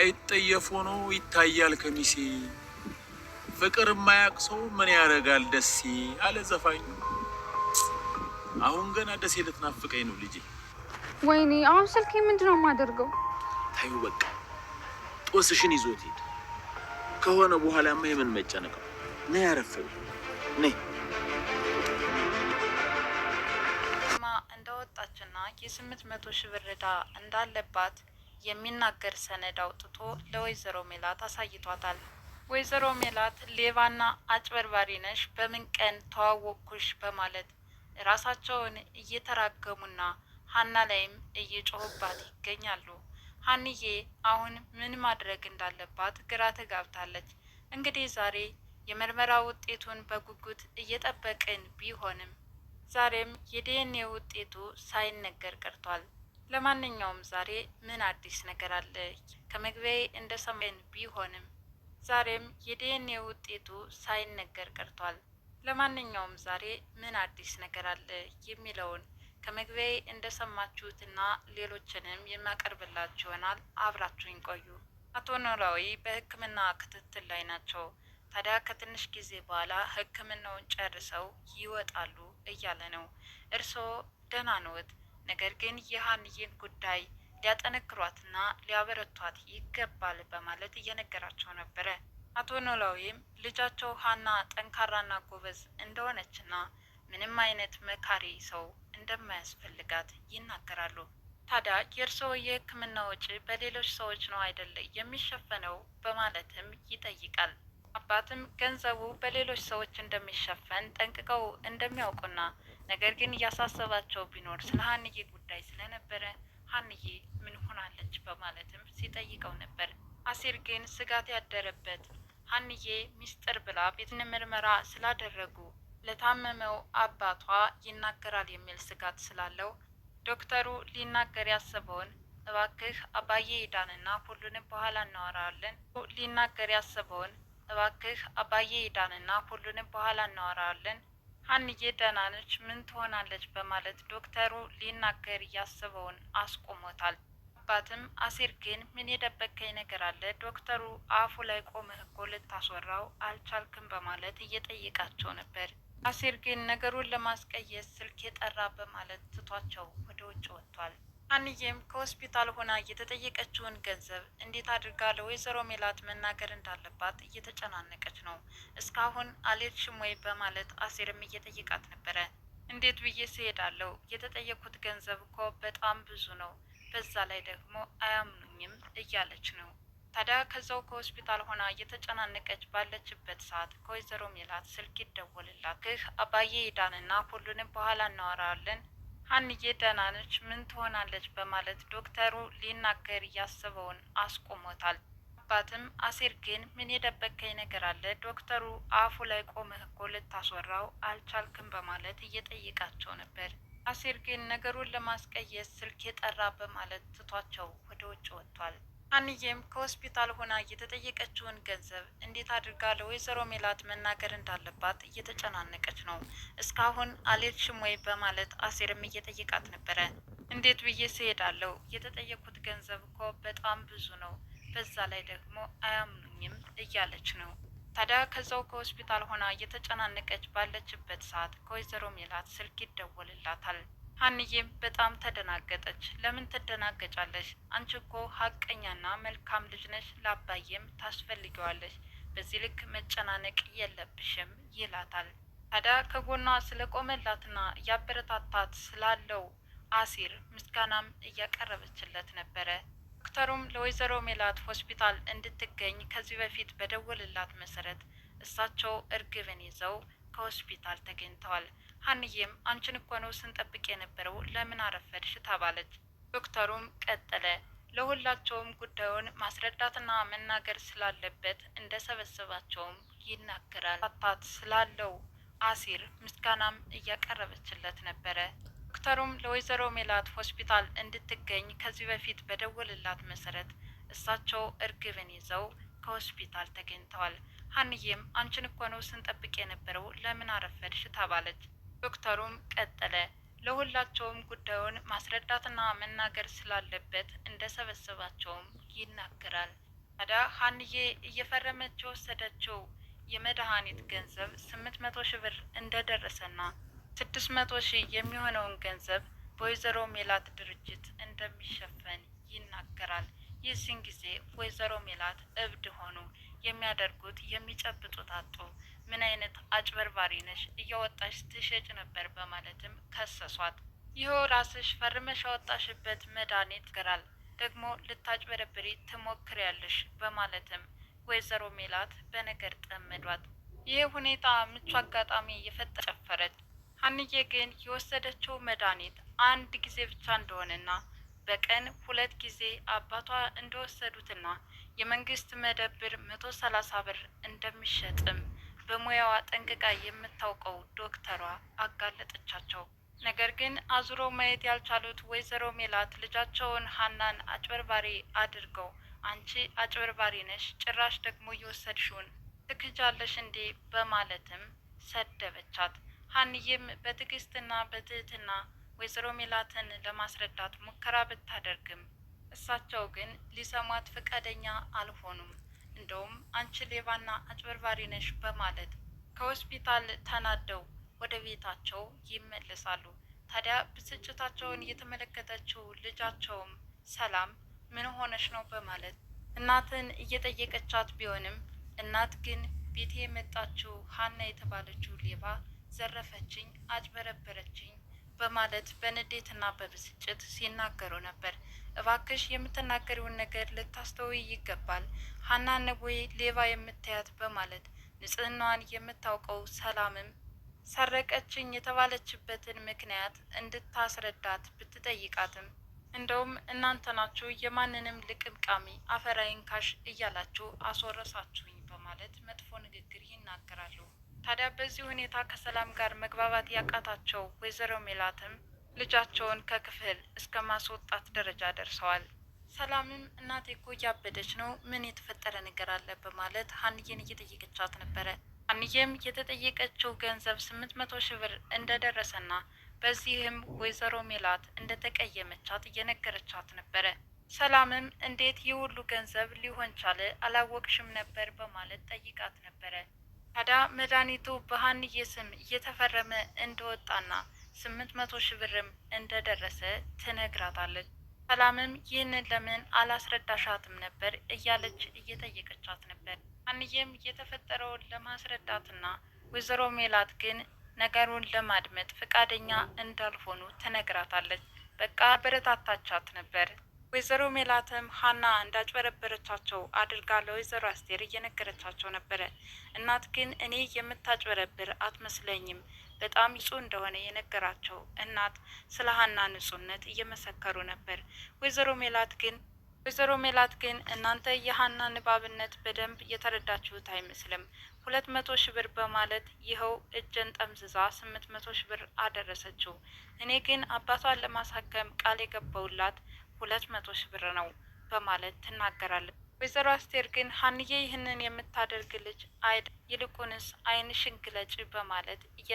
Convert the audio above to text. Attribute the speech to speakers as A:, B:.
A: አይጠየፍ ሆኖ ይታያል ከሚሴ ፍቅር የማያቅ ሰው ምን ያደርጋል ደሴ አለ ዘፋኙ። አሁን ገና ደሴ ልትናፍቀኝ ነው ልጄ።
B: ወይኔ አሁን ስልኬ ምንድነው የማደርገው?
A: ታዩ በቃ ጦስሽን ይዞት ሄድ ከሆነ በኋላማ የምን መጨነቀው ነ ያረፍብ ነ
C: እንደወጣችና የስምንት መቶ ሺህ ብር እንዳለባት የሚናገር ሰነድ አውጥቶ ለወይዘሮ ሜላት አሳይቷታል። ወይዘሮ ሜላት ሌባና አጭበርባሪ ነሽ፣ በምን ቀን ተዋወቅኩሽ በማለት ራሳቸውን እየተራገሙና ሀና ላይም እየጮሁባት ይገኛሉ። ሀንዬ አሁን ምን ማድረግ እንዳለባት ግራ ተጋብታለች። እንግዲህ ዛሬ የምርመራ ውጤቱን በጉጉት እየጠበቅን ቢሆንም ዛሬም የዲኤንኤ ውጤቱ ሳይነገር ቀርቷል። ለማንኛውም ዛሬ ምን አዲስ ነገር አለ? ከመግቢያዬ እንደ ሰማን ቢሆንም ዛሬም የዲኤንኤ ውጤቱ ሳይነገር ቀርቷል። ለማንኛውም ዛሬ ምን አዲስ ነገር አለ የሚለውን ከመግቢያዬ እንደሰማችሁትና ሌሎችንም የሚያቀርብላችሁ ይሆናል። አብራችሁኝ ቆዩ። አቶ ኖላዊ በሕክምና ክትትል ላይ ናቸው። ታዲያ ከትንሽ ጊዜ በኋላ ሕክምናውን ጨርሰው ይወጣሉ እያለ ነው። እርስዎ ደህና ነዎት? ነገር ግን የሀንዬን ጉዳይ ሊያጠነክሯትና ሊያበረቷት ይገባል በማለት እየነገራቸው ነበረ። አቶ ኖላዊም ልጃቸው ሀና ጠንካራና ጎበዝ እንደሆነችና ምንም አይነት መካሪ ሰው እንደማያስፈልጋት ይናገራሉ። ታዲያ የእርስዎ የሕክምና ወጪ በሌሎች ሰዎች ነው አይደለ የሚሸፈነው? በማለትም ይጠይቃል። አባትም ገንዘቡ በሌሎች ሰዎች እንደሚሸፈን ጠንቅቀው እንደሚያውቁና ነገር ግን እያሳሰባቸው ቢኖር ስለ ሀንዬ ጉዳይ ስለነበረ ሀንዬ ምን ሆናለች በማለትም ሲጠይቀው ነበር። አሴር ግን ስጋት ያደረበት ሀንዬ ሚስጥር ብላ ቤትን ምርመራ ስላደረጉ ለታመመው አባቷ ይናገራል የሚል ስጋት ስላለው ዶክተሩ ሊናገር ያሰበውን እባክህ አባዬ ይዳንና ሁሉንም በኋላ እናወራለን ሊናገር ያሰበውን እባክህ አባዬ ይዳንና ሁሉንም በኋላ እናወራለን ሀንዬ ደህና ነች፣ ምን ትሆናለች በማለት ዶክተሩ ሊናገር እያሰበውን አስቆሞታል። አባትም አሴር ግን ምን የደበቀኝ ነገር አለ? ዶክተሩ አፉ ላይ ቆመህ እኮ ልታስወራው አልቻልክም በማለት እየጠየቃቸው ነበር። አሴር ግን ነገሩን ለማስቀየስ ስልክ የጠራ በማለት ትቷቸው ወደ ውጭ ወጥቷል። አንዬም ከሆስፒታል ሆና የተጠየቀችውን ገንዘብ እንዴት አድርጋ ለወይዘሮ ሜላት መናገር እንዳለባት እየተጨናነቀች ነው። እስካሁን አልሄድሽም ወይ በማለት አሴርም እየጠየቃት ነበረ። እንዴት ብዬ ስሄዳለሁ? የተጠየኩት ገንዘብ እኮ በጣም ብዙ ነው። በዛ ላይ ደግሞ አያምኑኝም እያለች ነው። ታዲያ ከዛው ከሆስፒታል ሆና እየተጨናነቀች ባለችበት ሰዓት ከወይዘሮ ሜላት ስልክ ይደወልላት። ክህ አባዬ ይዳንና ሁሉንም በኋላ እናወራለን ሀንዬ ደህና ነች፣ ምን ትሆናለች በማለት ዶክተሩ ሊናገር እያሰበውን አስቆሞታል። አባትም አሴር ግን ምን የደበቀኝ ነገር አለ? ዶክተሩ አፉ ላይ ቆመህ እኮ ልታስወራው አልቻልክም በማለት እየጠየቃቸው ነበር። አሴር ግን ነገሩን ለማስቀየስ ስልክ የጠራ በማለት ትቷቸው ወደ ውጭ ወጥቷል። አንዬም ከሆስፒታል ሆና የተጠየቀችውን ገንዘብ እንዴት አድርጋ ለወይዘሮ ሜላት መናገር እንዳለባት እየተጨናነቀች ነው። እስካሁን አልሄድሽም ወይ በማለት አሴርም እየጠየቃት ነበረ። እንዴት ብዬ ስሄዳለሁ? የተጠየኩት ገንዘብ እኮ በጣም ብዙ ነው። በዛ ላይ ደግሞ አያምኑኝም እያለች ነው። ታዲያ ከዛው ከሆስፒታል ሆና እየተጨናነቀች ባለችበት ሰዓት ከወይዘሮ ሜላት ስልክ ይደወልላታል። ሀንዬም በጣም ተደናገጠች። ለምን ትደናገጫለሽ? አንቺ እኮ ሀቀኛና መልካም ልጅ ነሽ፣ ለአባዬም ታስፈልጊዋለሽ። በዚህ ልክ መጨናነቅ የለብሽም ይላታል። ታዲያ ከጎኗ ስለቆመላትና እያበረታታት ስላለው አሲር ምስጋናም እያቀረበችለት ነበረ። ዶክተሩም ለወይዘሮ ሜላት ሆስፒታል እንድትገኝ ከዚህ በፊት በደወልላት መሰረት እሳቸው እርግብን ይዘው ከሆስፒታል ተገኝተዋል። ሀንዬም አንቺን እኮ ነው ስንጠብቅ የነበረው ለምን አረፈድሽ ተባለች። ዶክተሩም ቀጠለ ለሁላቸውም ጉዳዩን ማስረዳትና መናገር ስላለበት እንደሰበሰባቸውም ይናገራል። አታት ስላለው አሲር ምስጋናም እያቀረበችለት ነበረ። ዶክተሩም ለወይዘሮ ሜላት ሆስፒታል እንድትገኝ ከዚህ በፊት በደወልላት መሰረት እሳቸው እርግብን ይዘው ከሆስፒታል ተገኝተዋል። ሀንዬም አንቺን እኮ ነው ስንጠብቅ የነበረው ለምን አረፈድሽ ተባለች። ዶክተሩም ቀጠለ ለሁላቸውም ጉዳዩን ማስረዳትና መናገር ስላለበት እንደሰበሰባቸውም ይናገራል። ታዲያ ሀንዬ እየፈረመች የወሰደችው የመድኃኒት ገንዘብ ስምንት መቶ ሺህ ብር እንደደረሰና ስድስት መቶ ሺህ የሚሆነውን ገንዘብ በወይዘሮ ሜላት ድርጅት እንደሚሸፈን ይናገራል። የዚህን ጊዜ ወይዘሮ ሜላት እብድ ሆኑ። የሚያደርጉት የሚጨብጡት አጡ። ምን አይነት አጭበርባሪ ነሽ እየወጣሽ ትሸጭ ነበር በማለትም ከሰሷት። ይኸው ራስሽ ፈርመሽ ያወጣሽበት መድኃኒት ገራል ደግሞ ልታጭበረብሪ ትሞክሪያለሽ በማለትም ወይዘሮ ሜላት በነገር ጠመዷት። ይህ ሁኔታ ምቹ አጋጣሚ እየፈጠ ጨፈረች። ሀንዬ ግን የወሰደችው መድኃኒት አንድ ጊዜ ብቻ እንደሆነና በቀን ሁለት ጊዜ አባቷ እንደወሰዱትና የመንግስት መደብር መቶ ሰላሳ ብር እንደሚሸጥም በሙያዋ ጠንቅቃ የምታውቀው ዶክተሯ አጋለጠቻቸው። ነገር ግን አዙሮ ማየት ያልቻሉት ወይዘሮ ሜላት ልጃቸውን ሀናን አጭበርባሪ አድርገው አንቺ አጭበርባሪ ነሽ፣ ጭራሽ ደግሞ እየወሰድሽውን ትክጃለሽ እንዴ በማለትም ሰደበቻት። ሀንዬም በትዕግስትና በትህትና ወይዘሮ ሜላትን ለማስረዳት ሙከራ ብታደርግም እሳቸው ግን ሊሰሟት ፈቃደኛ አልሆኑም። እንደውም አንቺ ሌባና አጭበርባሪ ነሽ በማለት ከሆስፒታል ተናደው ወደ ቤታቸው ይመለሳሉ። ታዲያ ብስጭታቸውን የተመለከተችው ልጃቸውም ሰላም ምን ሆነች ነው በማለት እናትን እየጠየቀቻት ቢሆንም እናት ግን ቤቴ የመጣችው ሀና የተባለችው ሌባ ዘረፈችኝ፣ አጭበረበረችኝ በማለት በንዴትና በብስጭት ሲናገሩ ነበር። እባክሽ የምትናገሪውን ነገር ልታስተውይ ይገባል። ሀና ነቦይ ሌባ የምታያት በማለት ንጽህናዋን የምታውቀው ሰላምም ሰረቀችኝ የተባለችበትን ምክንያት እንድታስረዳት ብትጠይቃትም እንደውም እናንተ ናችሁ የማንንም ልቅምቃሚ አፈራይንካሽ እያላችሁ አስወረሳችሁኝ በማለት መጥፎ ንግግር ይናገራሉ። ታዲያ በዚህ ሁኔታ ከሰላም ጋር መግባባት ያቃታቸው ወይዘሮ ሜላትም ልጃቸውን ከክፍል እስከ ማስወጣት ደረጃ ደርሰዋል። ሰላምም እናቴ እኮ እያበደች ነው፣ ምን የተፈጠረ ነገር አለ በማለት ሀንዬን እየጠየቀቻት ነበረ። ሀንዬም የተጠየቀችው ገንዘብ ስምንት መቶ ሺህ ብር እንደደረሰና በዚህም ወይዘሮ ሜላት እንደተቀየመቻት እየነገረቻት ነበረ። ሰላምም እንዴት ይህ ሁሉ ገንዘብ ሊሆን ቻለ አላወቅሽም ነበር በማለት ጠይቃት ነበረ። ታዲያ መድኃኒቱ በሀንዬ ስም እየተፈረመ እንደወጣና ስምንት መቶ ሺህ ብርም እንደደረሰ ትነግራታለች። ሰላምም ይህንን ለምን አላስረዳሻትም ነበር እያለች እየጠየቀቻት ነበር። ሀንዬም የተፈጠረውን ለማስረዳትና ወይዘሮ ሜላት ግን ነገሩን ለማድመጥ ፈቃደኛ እንዳልሆኑ ትነግራታለች። በቃ በረታታቻት ነበር። ወይዘሮ ሜላትም ሀና እንዳጭበረበረቻቸው አድርጋ ለወይዘሮ አስቴር እየነገረቻቸው ነበረ። እናት ግን እኔ የምታጭበረብር አትመስለኝም በጣም ንጹህ እንደሆነ የነገራቸው እናት ስለ ሀና ንጹህነት እየመሰከሩ ነበር። ወይዘሮ ሜላት ግን ወይዘሮ ሜላት ግን እናንተ የሀና ንባብነት በደንብ የተረዳችሁት አይመስልም። ሁለት መቶ ሺ ብር በማለት ይኸው እጀን ጠምዝዛ ስምንት መቶ ሺ ብር አደረሰችው። እኔ ግን አባቷን ለማሳከም ቃል የገባውላት ሁለት መቶ ሺህ ብር ነው በማለት ትናገራለች። ወይዘሮ አስቴር ግን ሀንዬ ይህንን የምታደርግ ልጅ አይደ ይልቁንስ አይንሽን ግለጭ በማለት እየ